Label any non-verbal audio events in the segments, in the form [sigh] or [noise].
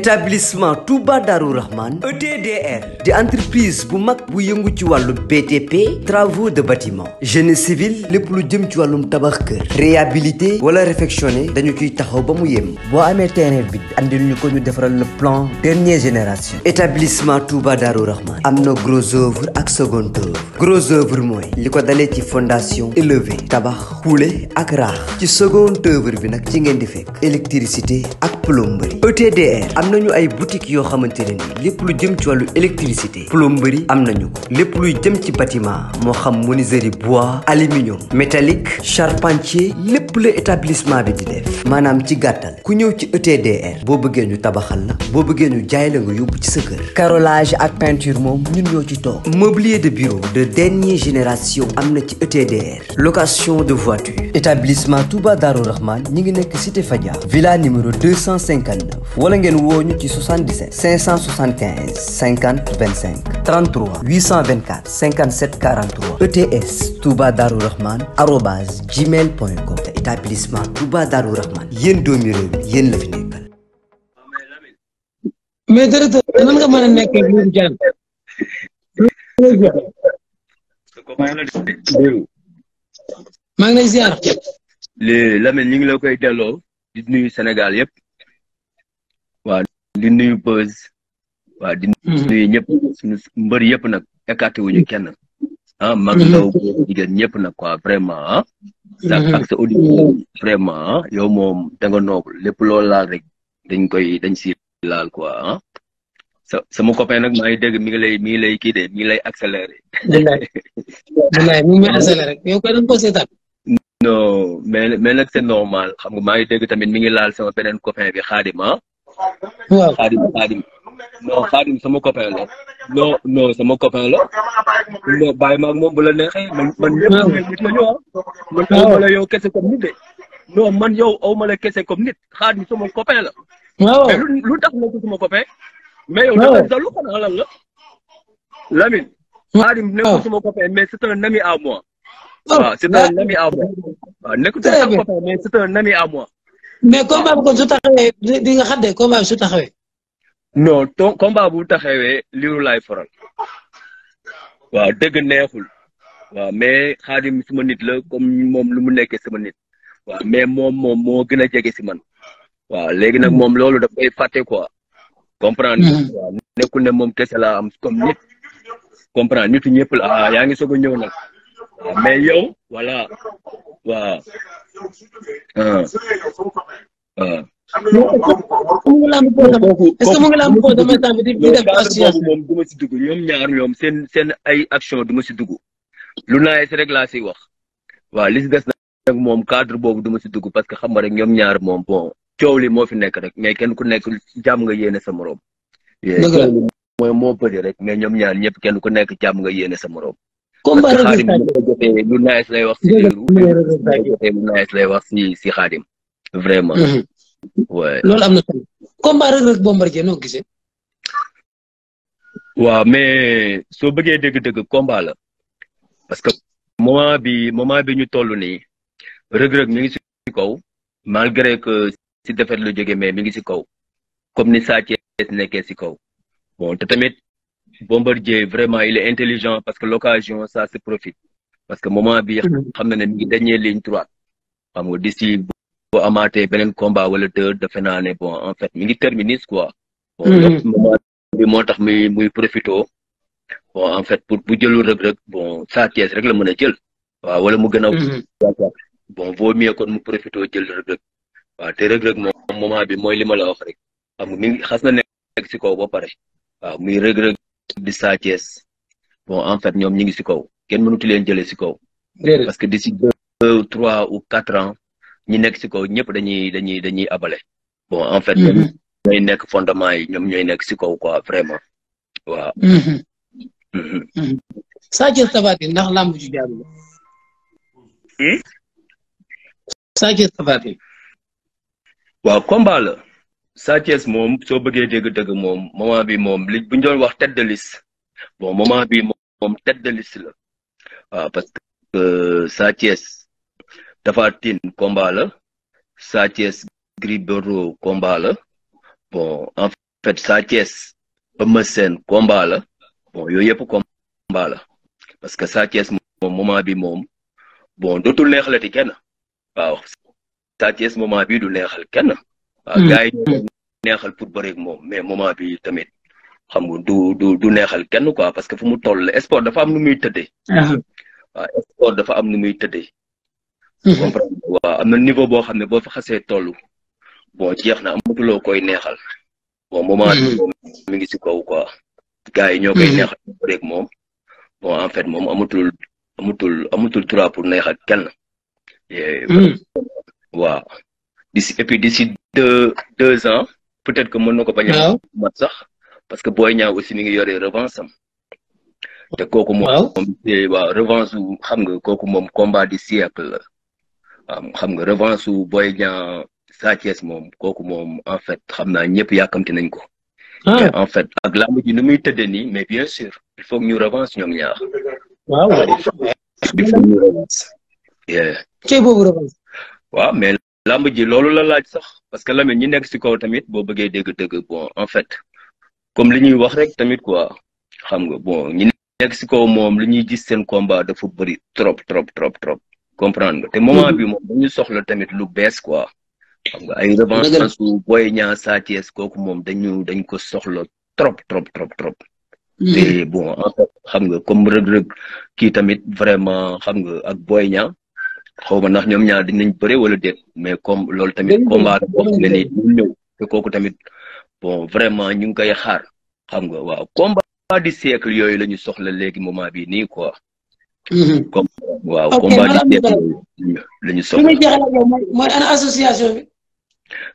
établissement Touba Darou Rahman ETDR di entreprise bu mag bu yëngu ci wàllu BTP travaux de bâtiment génie civil lépp lu jëm ci wàllum tabax kër réhabilité wala réfectionné dañu ciy taxaw ba mu yem. boo amee terrain bi andil ñu ko ñu defaral le plan dernière génération établissement Touba Darou Rahman am na gros œuvre ak second œuvre gros œuvre mooy li ko dalee ci fondation élevée tabax kuule ak raax ci second œuvre bi nag ci ngeen di fekk électricité ak plomberie ETDR am nañu ay boutique yoo xamante ne ni lépp lu jëm ci wàllu électricité plomberie am nañu ko lépp luy jëm ci bâtiment moo xam menuiserie bois aluminium métallique charpentier lépp la établissement bi di def maanaam ci gàttal ku ñëw ci ETDR boo bëggee ñu tabaxal la boo bëggee ñu jaay la nga yóbbu ci sa kër carrelage ak peinture moom ñun ñoo ci toog mobilier de bureau de dernière génération am na ci ETDR location de voiture établissement Touba Darou Rahman ñi ngi nekk cité Fadia 859 wala ngeen woo ñu ci 77 575 50 25 33 824 57 43 ETS Touba Darou Rahman arobase gmail point com te établissement Touba Darou Rahman yéen doomi réew mi yéen la fi nekkal. mais directeur nan nga mën a nekkee Nourou Diane. maa ngi lay ngi la koy delloo di Sénégal yëpp. waaw di nuyu Peuzh waaw di hmm. ñëpp suñu mbër yëpp nag écarté wuñu kenn ah mag hmm. ndaw jigéen ñëpp nag quoi vraiment ah hmm. ak sa auditeur vraiment ah. yow moom da nga lépp loolu laal rek dañ koy dañ si laal quoi ah sa sama copain nag maa ngi dégg mi ngi lay mi ngi lay kii de mi ngi lay accéléré wallaay mi ngi may accéléré ko seetaan non mais mais nag normal xam nga maa ngi dégg tamit mi ngi laal sama beneen copain bi Xaadim ah. waaw xaadim xaadim non xaadim sama copain la non non sama copain man man nit ah. la ñu man yow kese comme nit de non man yow aw ma kese comme nit xaadim sama copain lu tax na ko sama copain mais yow dafa dalu xanaa la Lamine xaadim nekkul sama copain mais c'est un à moi waaw c'est un ami à moi waaw nekkul sama copain mais c'est un ami à moi mais combat bi kon su di nga xam ne combat bi su taxawee. non to combat bu taxawee liiru laay faral. waaw dëgg neexul. waaw mais xaadim suma nit la comme moom lu mu nekkee sama nit. waaw mais moom moom moo gën a jege si man. waaw léegi nag moom loolu daf koy fàtte quoi. comprendre mm-hmm. waaw nekkul ne moom kese laa am comme nit. comprendre nitu ñëpp la ah yaa ngi soog a ñëw nag. mais yow voilà wa est-ce que mu ngi la am koo si dugg ñoom ñaar ñoom seen seen ay action duma ma si dugg. lu naay si rek laa siy wax. waaw li si des nag moom cadre boobu du ma si dugg parce que xam nga rek ñoom ñaar moom bon coow li moo fi nekk rek mais kenn ku nekk jàmm nga yéene sa morom. dëgg mo mooy rek mais ñoom ñaar ñëpp kenn ku nekk jàmm nga yéene sa morom. combat Rebeus Sackier lu nice lay wax lay wax si si Xaadim vraiment. loolu am gisee. waaw mais soo bëggee dëgg-dëgg combat la parce que moment bi moment bi ñu toll nii rëg-rëg mi ngi si kaw malgré que si defet lu jóge mais mi ngi si kaw comme ni Sa nekkee si kaw bon te tamit. Bombardier vraiment il est intelligent parce que l'occasion ça se profite parce que moment bi mhm. xam na ne mi ngi dernier ligne droite xam nga d'ici boo amaatee beneen combat wala de defe naa ne bon en fait mi ngi terministe quoi bon mhm. moment moo tax muy muy profito bon en fait pour bu jëlul rek rek bon saa tees rek la mën a jël waaw wala mu gën a mhm. bon vaut kon mu profito jël rek rek waaw te rek rek moment bi mooy li ma la wax rek xam nga mi ngi xas na nekk si kaw ba pare rëg-rëg di Sa Thiès bon en fait ñoom ñi ngi si kaw kenn mënuti leen jëlee si kaw. parce que d'ici deux trois ou quatre ans ñi nekk si kaw ñëpp dañuy dañuy dañuy abale. bon en fait ñoom mm-hmm. ñooy nekk fondement yi ñoom ñooy nekk si kaw quoi vraiment waaw. Mm-hmm. Mm-hmm. Sa Thiès Tapha Tine ndax làmb ju jaadu la. Hmm? Sa Thiès Tapha Sa Thiès moom soo bëggee dégg-dëgg moom moment bi moom li bu ñu doon wax tête de liste bon moment bi moom tête de liste la waaw parce que euh, Sa Thiès Tapha Tine combat la Sa Thiès Gris Bordeaux combat la en fait Sa Thiès Eumeu Sène combat la bon yooyu parce que Sa Thiès moom bi moom bon dootul neexalati kenn waaw Sa Thiès moment bi du neexal kenn waaw euh, hmm. gars neexal pour bëreeg moom mais moment bi tamit xam nga du du du neexal kenn quoi parce que fu mu toll sport dafa am nu muy tëddee. Ah. waaw dafa am nu muy tëddee. Hmm. comprendre am na niveau boo xam ne boo fa xasee toll bon jeex na amatuloo koy neexal bon moment bi hmm. moom mi ngi si kaw quoi. gars yi ñoo koy neexal pour bëreeg bon en fait moom amatul amatul amatul droit pour neexal kenn. waaw di si et di si deux deux ans peut-être que mën na ko bañ a mat sax parce que Boy Niang aussi mi ngi yore revanche am te kooku moom waaw revanche su xam nga kooku moom combat du siècle la xam nga revanche su Boy Niang moom kooku moom en fait xam naa ñëpp yàkkamti nañ ko ah. en fait ak làmb ji nu muy tëddee nii mais bien sûr il faut ñu revanche ñoom ñaar waaw mais làmb ji loolu la laaj sax parce que Lamine ñi nekk si kaw tamit boo bëggee dëg dëgg bon en fait comme li ñuy wax rek tamit quoi xam nga bon ñi nekk si kaw moom li ñuy gis seen combat dafa bëri trop trop trop trop comprendre nga te moment bi moom dañu soxla tamit lu bees quoi xam nga ay revanche su booy ñaa Sa kooku moom dañu dañ ko soxla trop trop trop trop mm-hmm. te bon en fait xam nga comme Reug Reug kii tamit vraiment xam nga ak boña xaw ma ndax ñoom ñaar nañ bëre wala déet mais comme loolu tamit combat la boo xam ne ñëw te kooku tamit bon vraiment ñu ngi koy xaar xam nga waaw combat du siècle yooyu la ñu soxla léegi moment bi nii quoi. Mhm. comme waaw combat du siècle yooyu la ñu soxla. mooy ana association bi.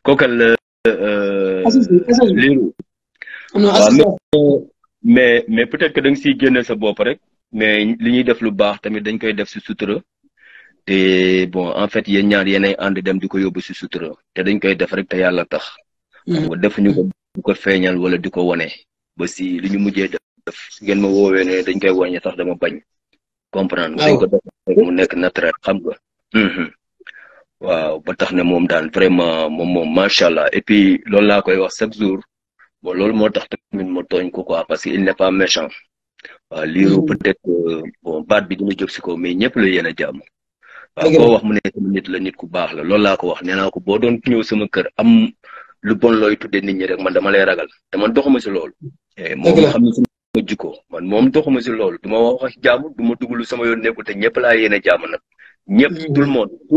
kookal. Euh, euh, mais mais peut-être que da nga siy génne sa bopp rek mais li ñuy def lu baax tamit dañ koy def si sutura. te bon en fait yéen ñaar yéenay ànd dem di ko yóbbu si sutura te dañ koy def rek te yàlla tax. Mm-hmm. def ñu ko du feeñal wala di ko wone ba si lu ñu mujjee def su ngeen ma woowee ne dañ koy wàññi sax dama bañ. comprendre dañ ko mu nekk naturel xam nga. Mm-hmm. waaw ba tax ne moom daal vraiment moom moom macha allah et puis loolu laa koy wax chaque jour bon loolu moo tax tamit ma tooñ ko quoi parce que il n'est pas méchant. waaw liiru mm-hmm. peut-être euh, bon baat bi dina jóg si ko mais ñëpp la yéen a jàmm. waaw koo wax mu ne sama nit la nit ku baax la loolu laa ko wax nee naa ko boo doon ñëw sama kër am lu bon looy tuddee nit ñi rek man dama lay ragal te man doxuma si loolu. Eh, moom xam ne man moom doxuma si loolu du ma wax jàmm du ma dugg lu sama ñëpp laa yéene jàmm nag. ñëpp mm-hmm. tout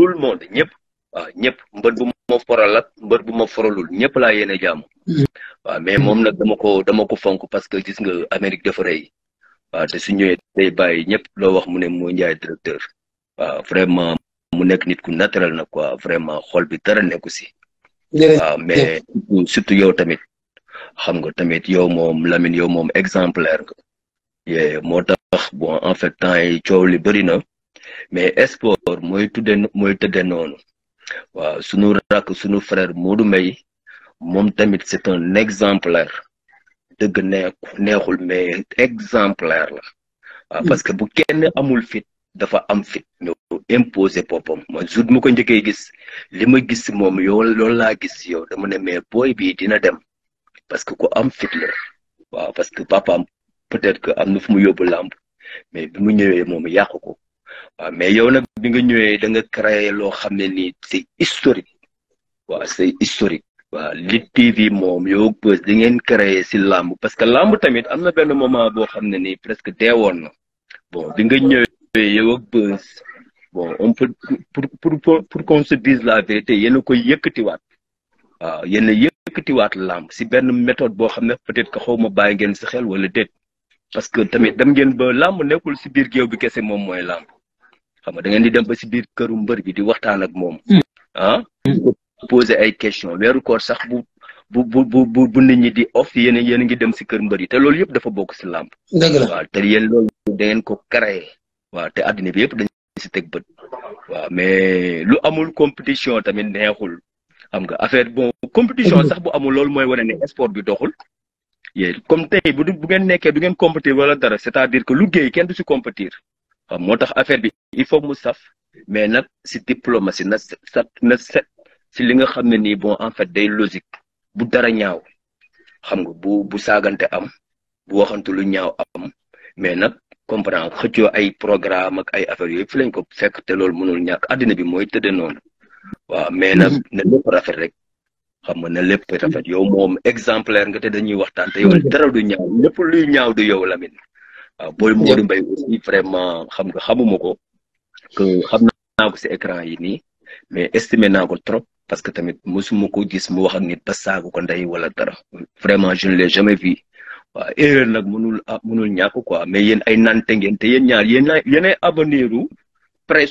le monde tout ñëpp. waaw ñëpp mbër bu ma foral mbër bu ma foralul ñëpp laa yéene jàmm. Mm-hmm. waaw mais moom nag dama ko dama ko fonk parce que gis nga Amérique dafa rëy. waaw te su ñëwee day bàyyi ñëpp loo wax mu ne moo njaay directeur. waaw euh, vraiment mu nekk nit ku naturel na quoi vraiment xol bi dara nekku si. waaw euh, surtout yow tamit xam nga tamit yow moom Lamine yow moom exemplaire nga. moo tax bon en fait temps yi coow li bëri na mais sport mooy tuddee mooy tëddee noonu waaw sunu rakk sunu frère Modou Mbaye moom tamit c'est un exemplaire. dëgg neexul mais exemplaire la. waaw parce que bu amul fit. dafa am fit ñëw imposer boppam man jour bi ma ko gis li ma gis moom yow loolu laa gis yow dama ne mais booy bii dina dem parce que ku am fit la waaw parce que papaam peut-être que am na fu mu yóbbu làmb mais bi mu ñëwee moom yàqu ko waaw mais yow nag bi nga ñëwee da nga créé loo xam ne nii si historique waaw c'est historique. waaw Lutte TV moom yo Beuz di ngeen créé si làmb parce que làmb tamit am na benn moment boo xam ne nii presque deewoon na bon bi nga ñëwee. yow ak bës bon on pour pour pour, pour qu'on se dise la yéen a koy yëkkatiwaat waaw yenn a yëkkatiwaat làmb si benn méthode boo xam ne peut-être que xaw ma bàyyi ngeen si xel wala déet parce que tamit dem ngeen ba làmb nekkul si biir géew bi kese moom mooy làmb xam nga da di dem ba si biir këru mbër bi di waxtaan ak moom. Hmm. ah poser ay questions weeru koor sax bu bu bu bu bu nit ñi di off yéen a yéen ngi dem si kër mbër yi te loolu yëpp dafa bokk si làmb. dëgg waaw te yéen loolu da ko créé. waaw te àddina bi yëpp dañ si teg bët waaw mais lu amul compétition tamit neexul xam nga affaire bon compétition sax bu amul loolu mooy wane ne sport bi doxul yéen comme tey bu bu ngeen nekkee du ngeen compétir wala dara c'est-à-dire que liggéey kenn du si compétir waaw moo tax affaire bi il faut mu saf mais nag si diplomatie na set na set si li nga xam ne nii bon en fait day logique bu dara ñaaw xam nga bu bu saagante am bu waxantu lu ñaaw am mais nag comprendre xëccoo ay programme ak ay affaires yooyu fi lañ ko fekk te loolu mënul ñàkk àddina bi mooy tëdde noonu waaw mais nag mm-hmm. na lépp rafet rek xam nga na lépp rafet yow moom exemplaire nga te dañuy waxtaan te yow mm-hmm. dara du ñaaw lépp luy ñaaw du yow Lamine waaw booy Modou Mbaye aussi vraiment xam nga xamuma ko que xam naa ko si écran yi nii mais estimé naa ko trop parce que tamit mosuma ko gis mu wax ak nit ba saagu ko ndey wala dara vraiment je ne l'ai jamais vu waaw erreur nag mënul ah, mënul ñàkk quoi mais yéen ay nante ngeen te yéen ñaar yéen ay yéen ay avenir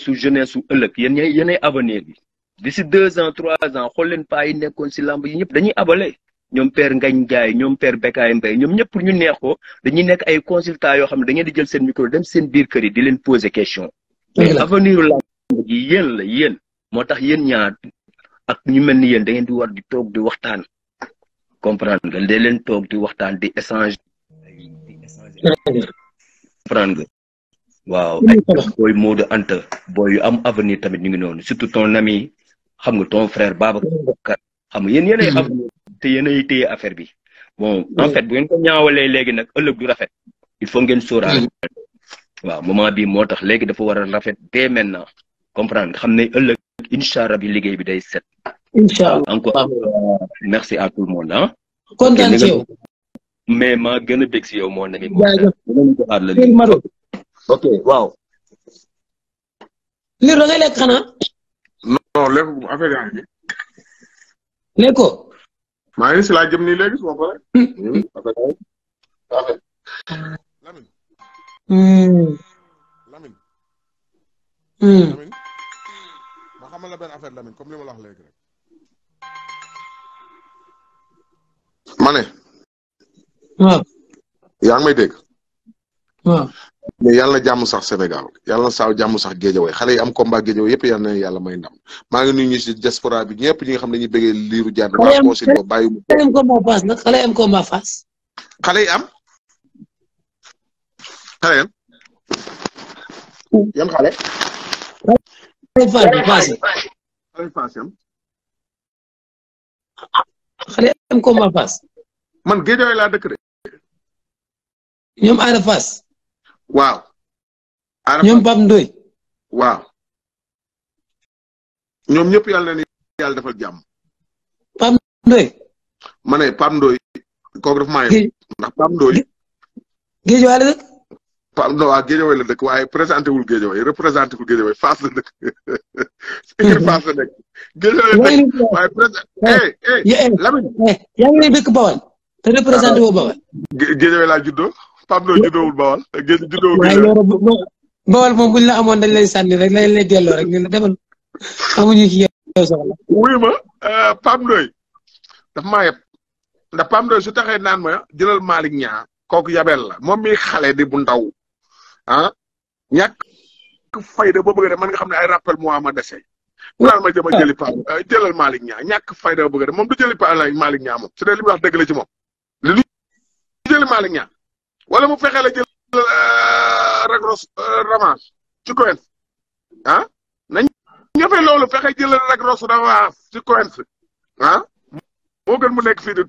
su jeunesse su ëllëg yéen ñay yéen ay avenir bi d'ici deux ans trois ans xool leen paa yi nekkoon si làmb yi ñëpp dañuy abale ñoom père Ngagne Ndiaye ñoom père Bécaye Mbaye ñoom ñëpp ñu neex ko nekk ay consultants yoo xam ne da ngeen di jël seen micro dem seen biir kër yi di leen poser question. mais avenir u lamb ji yéen la yéen moo tax yéen ñaar ak ñu mel ni yéen da ngeen di war di toog di waxtaan. comprendre nga dee leen toog di waxtaan di échange di échange comprendre nga waaw ay mm-hmm. booy yu am avenir tamit ñu ngi noonu surtout ton ami xam nga ton frère Babacar xam nga yéen yéenay mm-hmm. te yéenay téye affaire bi bon en mm-hmm. fait bu ngeen ko ñaawalee léegi nag ëllëg du rafet il faut ngeen sóoraale waaw moment moo tax léegi dafa war rafet dès comprendre nga xam ne ëllëg incha allah liggéey bi day set. incha allah encore euh, merci à tout le monde ah. ci yow. mais maa gën a bég si yow moo nekk. jaajëf ok waaw. liir da ngay lekk xanaa. non lekk affaire yaa ngi. lekkoo. maa ngi si laa jëm nii léegi su ma pare. Hmm. Hmm. Lamine. Hmm. Lamine. xamal la benn affaire Lamine comme li ma la wax léegi rek. ma ne. yaa ngi may dégg. waaw. jàmm sax Sénégal yàlla na saaw sax Géejawaay xale yi am combat Géejawaay yëpp yàlla na yàlla may ndam maa ngi nuyu ñu si bi ñëpp ñi nga xam ne dañuy bëggee liiru jaar. xale yi am xale yi am Fass xale yi am xale. fay passé fay passé am xale am combat pass man géejawaay laa dëkk de ñoom aada pass waaw ñoom Pape Ndoye waaw ñoom ñëpp yàlla na yàlla defal jàmm Pape Ndoye ma ne Pape Ndoye kooku dafa maa ndax Pape Ndoye géejawaay la dëkk pardon waa a la dëkk waaye présenté wul Guédiawaye représenté wul Guédiawaye Fass la dëkk. écurie [laughs] Fass la dëkk. Guédiawaye la dëkk waaye présenté. Lamine yaa ngi Bawal te représenté woo Bawal. Guédiawaye laa juddoo Pape Ndo juddoo wul Bawal Guédiawaye juddoo Bawal moom bu la amoon dañ lay sànni rek dañ lay delloo rek ñu ne demal amuñu ci yow soxla. wuyu ma euh, Pape Ndoye dafa maa yeb ndax naan ma jëlal Malick Niang kooku yabel la mi xale di bu ndaw. ah ñàkk fayda boo bëgg de nga xam ne ay rappel moo am a dese. waaw ma jëm a ah. jëli pa eh, jëlal Malick Niang ñàkk fayda boo bëgg de moom du jëli pa eh, lay Malick Niang moom su dee li muy wax dëgg la ci moom. du jëli Malick Niang wala mu fexe la jël eh, ragros ramage ci Coence ah nañ ñëfe loolu fexe jël ragros ramage ci Coence ah moo gën mu nekk fii di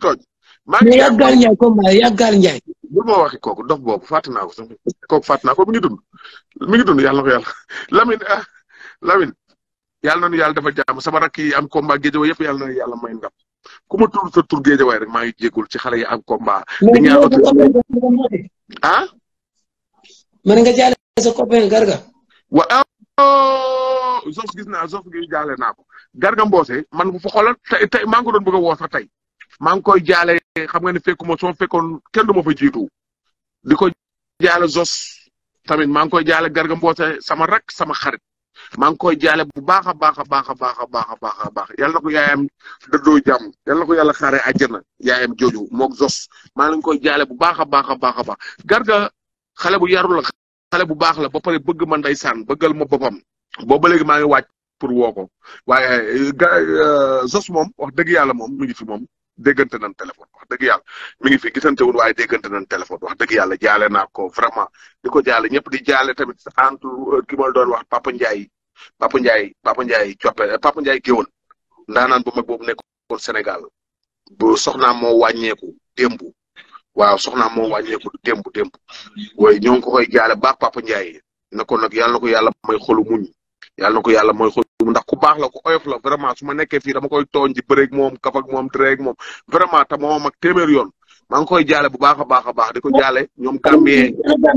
bul ma waxi kooku dox boobu fàtte naa ko sax kooku fàtte naa ko mi ngi dund mi ngi dund yàlla na ko yàlla [laughs] Lamine ah Lamine yàlla na nu yàlla dafa jàmm sama rakk yi am combat géejawaay yëpp yàlla yàlla may ndam ku ma tur sa tur géejawaay rek maa ngi jégul ci xale yi am combat. di nga ah. mën nga jaale sa copain Garga. waaw naa Zof gi naa ko Garga Mbossé man bu fa xoolal tey tey maa ngi ko bëgg woo sax tey. maa ngi koy jaale xam nga ne fekkuma soo fekkoon kenn du ma fa jiitu di ko jaale Zos tamit maa ngi koy jaale Garga Mbossé sama rak sama xarit maa ngi koy jaale bu baax a baax a baax a baax a baax a baax yal na ko yaayam dëddoo jàmm yal na ko yàlla xaaree àjjana yaayam jooju moog Zos maa ngi koy jaale bu baax a baax a baax a baax Garga xale bu yaru la xale bu baax la ba pare bëgg ma ndeysaan bëggal ma boppam boobu ba léegi maa ngi waaj pour woo ko waaye eh, eh, Zos moom wax dëgg yàlla moom mi ngi fi moom. déggante nañ téléphone wax dëgg yàlla mi ngi fi gisante wul waaye déggante nañ téléphone wax dëgg yàlla jaale ko vraiment di ko jaale ñëpp di jaale tamit sa euh, ki ma doon wax Papa Ndiaye Papa Ndiaye Papa Ndiaye coppe euh, Papa Ndiaye géwal ndaanaan bu mag boobu nekkoon senegal bu soxnaam moo wàññeeku démb waaw soxnaam moo wàññeeku démb démb waaye ñoo ngi ko koy jaale baax Papa Ndiaye na nag yàlla na ko yàlla may xolu muñ yàlla na ko yàlla mooy xolu ndax ku baax la ku oyof vraiment su ma nekkee fii dama koy tooñ di bëreeg moom kaf ak moom dreeg moom vraiment ta moom ak téeméer yoon maa ngi koy jaale bu baax a baax a baax di ko jaale ñoom Gambien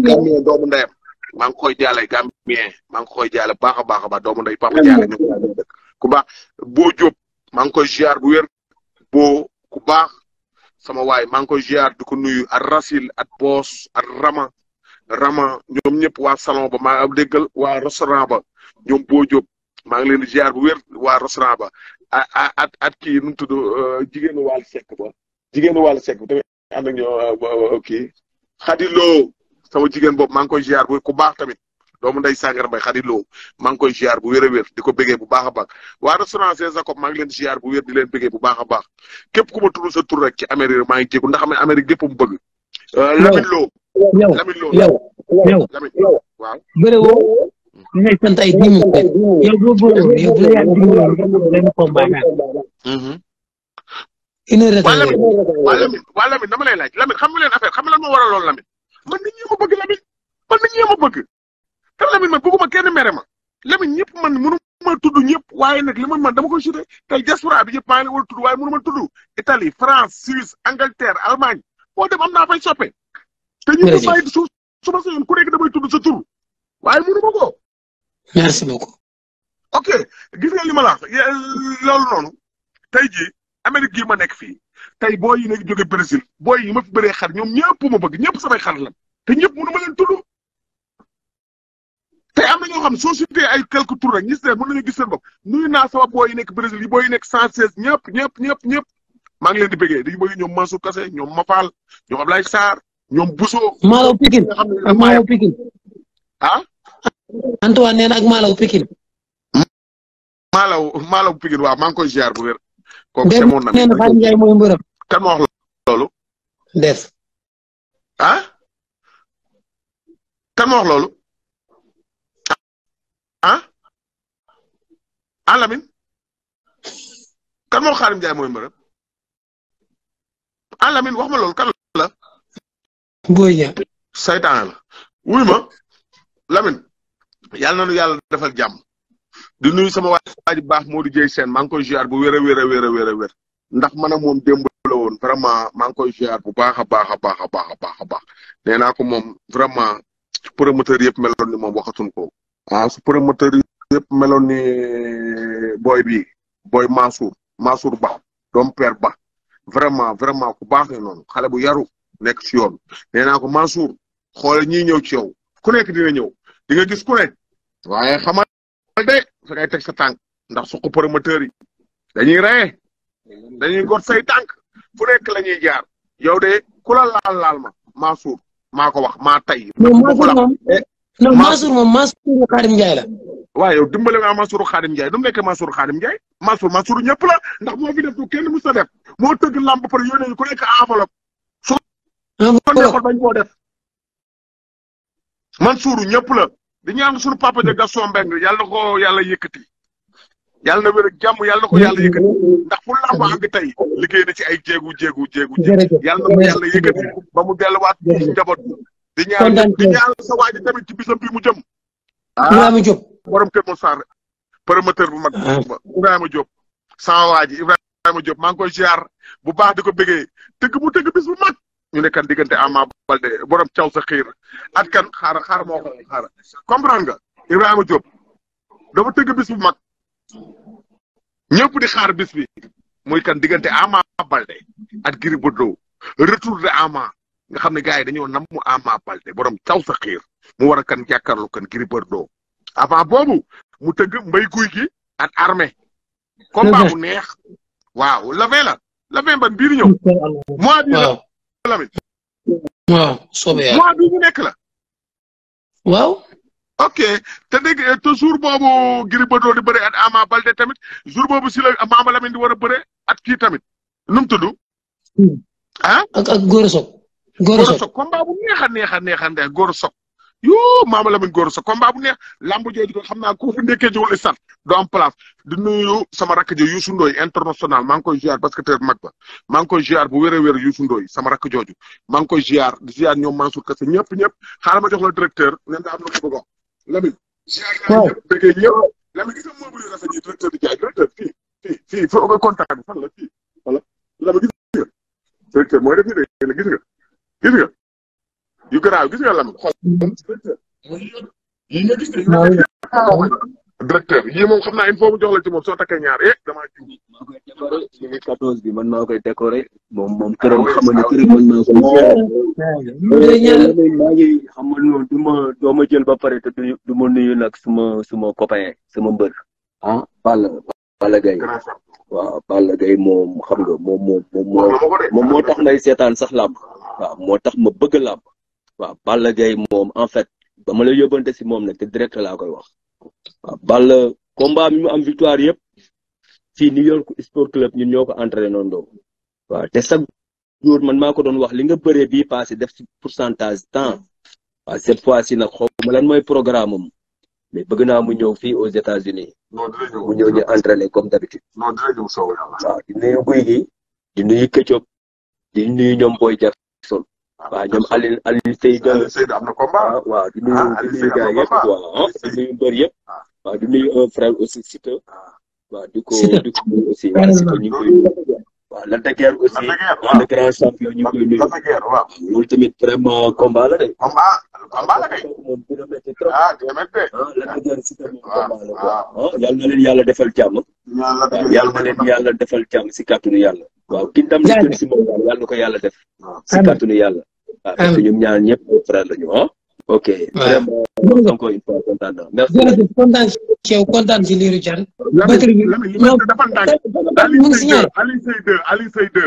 Gambien doomu ndeyam maa ngi koy jaale Gambien maa ngi koy jaale baax a baax a baax doomu ndey papa jaale ku baax boo jóob maa ngi koy ziar bu wér boo ku baax sama waay maa ngi koy ziar di ko nuyu ak Rasil ak Boos ak Rama Rama ñoom ñëpp waa salon ba maa déggal waa restaurant ba ñoom boo jóg maa ngi leen di ziar bu wér waa restaurant ba a a at at kii nu mu tudd euh, jigéenu wàllu sekk ba jigéenu wàllu sekk bi tamit ànd ak ñoo euh, kii Xadi Lo sama jigéen boobu maa ngi koy ziar bu ku baax tamit doomu nday Sangara Mbaye Xadi Lo maa ngi koy ziar bu wér a wér di ko bégee bu baax a baax waa restaurant Chez Jacob maa ngi leen ziar bu wér di leen bégee bu baax a baax képp ku ma sa tur rek ci Amérique ma ngi jégu ndax Amérique gépp mu bëgg Lamine Lo. yow yow yow yow. waaw bëre woo. nekk sant ay diimu kër. yow la yàgg xam nga leen affaire xam nga lan moo waraloon Lamine. man nit ñi ma bëgg Lamine man nit ñi ma bëgg. te Lamine man bëgguma kenn mere ma. Lamine man mënu ma tudd ñëpp waaye nag li man man dama koy chuté tey diaspora bi ñëpp maa ngi leen war a tudd waaye mënu ma France Suisse Angleterre Allemagne. boo dem am naa fay soppe te ñu ngi fay su su ma sañoon ku nekk damay tudd sa tur waaye mënu ma ko. merci beaucoup. ok gis nga li ma la wax loolu noonu tey jii Amérique gii ma nekk fii tey booy yi nekk jóge Brésil booy yi ma fi bëree xar ñoom ñëpp ma bëgg ñëpp samay xar lan te ñëpp mënu ma leen tudd. tey am na ñoo xam société ay quelques tours rek gis nañ mën nañu gis seen bopp nuyu naa sama booy yi nekk Brésil yi booy yi nekk 116 ñëpp ñëpp ñëpp ñëpp. maa ngi leen di bëggee di bëgg ñoom ñoom Mafal ñoom Ablaye Sarr ñoom Bousso. Malaw Pikine ak Malaw Pikine. ah. Antoine na ak Malaw Pikine. Malaw Malaw Pikine waaw maa ngi koy ziar bu wér. kooku demoon kan ma ah? wax loolu. ah. ah kan ma wax ah. ah kan ma wax Xaadim Ndiaye mooy alamin wax ma loolu ka la. Boy Niang. saytaane la wuy ma Lamine yàlla na nu yàlla defal jàmm di nuyu sama waa ji baax Modou Dieye Sène maa ngi bu wér a wér ndax man ak moom démb la woon vraiment maa ngi koy ziar bu baax a a baax a baax a baax naa ko moom vraiment promoteur yëpp meloon ni moom waxatun ko ah su promoteur yëpp meloon eh, bi booy Mansour Mansour Ba doom père Ba vraiment vraiment ku baax nga xale bu yaru nekk ci yoon nee naa ko Mansour xoole ñiy ñëw ci yow ku nekk dina ñëw di nga gis ku nekk waaye xamal de fa ngay sa tànk ndax suqu promoteur yi dañuy reye dañuy got say tànk fu nekk la ñuy jaar yow de ku la laal laal ma maa ko wax maa tay. moom Mansour moom eh, Mansour moom Mansour Karim waaye yow dimbale nga Mansour Khadim Ndiaye nu mu nekk Mansour Khadim Ndiaye Mansour Mansour ñëpp la ndax moo fi def lu kenn musa def moo tëgg làmb par yónnee ñu ku nekk enveloppe. soo ko nekkoon bañ koo def. Mansour ñëpp la di ñaan suñu papa ja Gaston Mbengue yàlla na ko yàlla yëkkati yàlla na wér ak jàmm yàlla na ko yàlla yëkkati ndax fu làmb àgg tey liggéey na ci ay jéegu jéegu jéegu jéegu yàlla na ko yàlla yëkkati ba mu delluwaat ci njaboot di ñaan sa waa ji tamit ci bisam bi mu jëm. ah borom Kër Moussa promoteur bu mag. Ah. Ibrahima Diop. sama waa ji Ibrahima Diop maa ngi koy ziar bu baax di ko bëggee tëgg mu tëgg bis bu mag. ñu kan diggante Ama Balde borom caw sa xiir at kan xaara xaar moo ko xaara comprendre nga Ibrahima Diop dafa tëgg bis bu mag ñëpp di xaar bis bi muy kan diggante Ama Balde ak Gris Bordeaux retour de Ama nga xam ne gars yi dañoo nam mu Ama Balde borom caw sa xiir mu war a kan jàkkaarloo kan Gris Bordeaux avant boobu mu tëgg mbay guy gi ak armée combat bu neex waaw le vingt la le vingt ban biir ñëw mois bi la Lamine waaw soobee mois bi ñu nekk la waaw ok te dégg te jour boobu Gris Bordeaux di Ama Baldé tamit jour boobu si la Mama Lamine di at kii tamit nu mu tudd hmm. ah ak ak Gora Sock neex a neex a neex a neex Gora yoo a Lamine góor sa combat bu neex lamb jooju ko xam naa ku fi nekkee jiwul stade doo place di nuyu sama rakk jooju Youssou international maa ngi koy mag ba maa ngi bu wér a wér Youssou Ndoye sama rakk jooju maa ngi koy ziar di ziar ñoom Mansour Kassé ñëpp ñëpp xaaral ma jox la directeur nee ko bëgg a wax Lamine. ziar naa ñëpp bëggee ñëpp Lamine gis nga moomu yu rafet contact bi fan la fii voilà Lamine gis nga directeur gis nga gis nga yu garaaw gis nga lam xool yi nga gis ne directeur yii ci moom soo takkee ñaar eh damaa jiw. koy décoré man maa koy décoré moom moom ah këram xam nga ne këram man maa koy. Eh, maa ngi xam nga noonu du ma doo ma jël ba pare te du nuyu nag suma suma copain suma mbër. ah Balla Balla Gaye waaw Balla Gaye moom xam nga moom moo moom moo moo tax may seetaan sax làmb waaw moo tax ma bëgg làmb waaw Balla Gaye moom en fait ba ma la yóbbante si moom nag te direct laa koy wax waaw Balla combat mi mu am victoire yëpp fii New York Sport Club ñun ñoo ko entraîné noonu waaw te chaque jour man maa ko doon wax li nga bëree bii passé def si pourcentage temps a cette fois si nag xaw ma la mooy programme am mais bëgg naa mu ñëw fii aux États-Unis mu ñëw ñu entraîné comme d'habitude waaw di nuyu guy gi di nuyu këccëb di nuyu ñoom booy jar waaw ñoom Alioune Alioune Seyde. Alioune Seyde am na combat. Ah, waaw di nuyu ah, ah, di nuyu gars yëpp waaw di ko di de Guiers aussi le grand champion ñu ngi koy nuyu. loolu tamit vraiment combat la la kay. moom dina métti trop. la yàlla na leen yàlla defal jàmm. yàlla na leen yàlla defal jàmm si kàttanu yàlla. waaw ki ndam li na ko yàlla def. si kàttanu yàlla. waaw ah, parce que ñoom ñaar ñëpp frère lañu ah. ok vraiment encore une fois kontaan naa merci. jërëjëf kontaan si yow kontaan si Lirou Diane. Bakary dafa ndànk Aliou Seye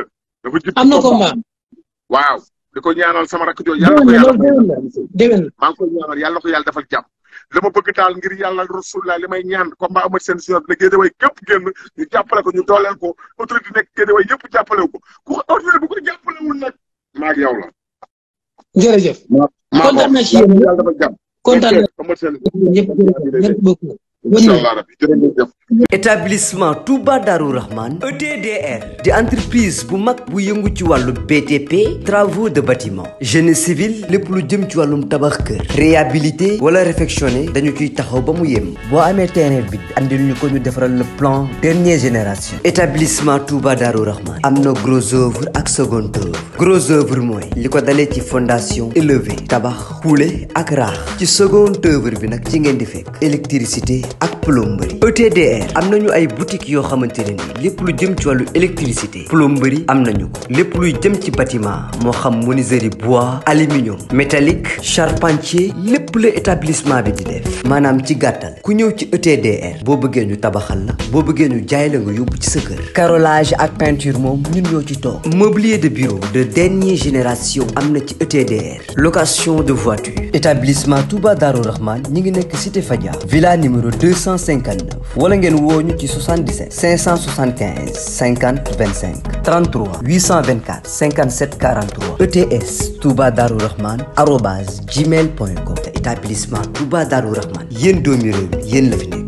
am na waaw di ko ñaanal sama rakk jooju yàlla ko yàlla ngi koy defal jàmm la bëgg daal ngir yàlla rasulullah li may ñaan combat amat seen sino ne gédéway képp génn ñu jàppale ko ñu dooleel ko autorité nekk gédéway yëpp jàppale ko ku autorité bu ko jàppalewul nag jërëjëf. kontaan na ci yéen kontaan na ci yéen ñëpp inchallah rabbi jërëjëf établissement Touba Darou Rahman ETDR di entreprise bu mag bu yëngu ci wàllu BTP travaux de bâtiment génie civil lépp lu jëm ci wàllum tabax kër réhabilité wala réfectionné dañu ciy taxaw ba mu yem boo amee terrain bi andil ñu ko ñu defaral le plan dernière génération établissement Touba Darou Rahman am na gros œuvre ak second œuvre gros li ko dalee ci fondation élevée tabax kuule ak ci second bi nag ci ngeen di fekk électricité plomberie ETDR am nañu ay boutique yoo xamante ne ni lépp lu jëm ci wàllu électricité plomberie am na ñu ko lépp luy jëm ci bâtiment moo xam menuiserie bois aluminium métallique charpentier lépp la établissement bi di def maanaam ci gàttal ku ñëw ci ETDR boo bëggee ñu tabaxal la boo bëggee nu jaay la nga yóbbu ci sa kër carrelage ak peinture moom ñun ñoo ci toog mobilier de bureau de dernière génération am na ci ETDR location de voiture établissement Touba Darou Rahman ñi ngi nekk cité 259 wala ngeen woo ñu ci 77 575 50 25 33 824 57 43 ETS Touba Darou Rahman arobase gmail point com te établissement Touba Darou Rahman yéen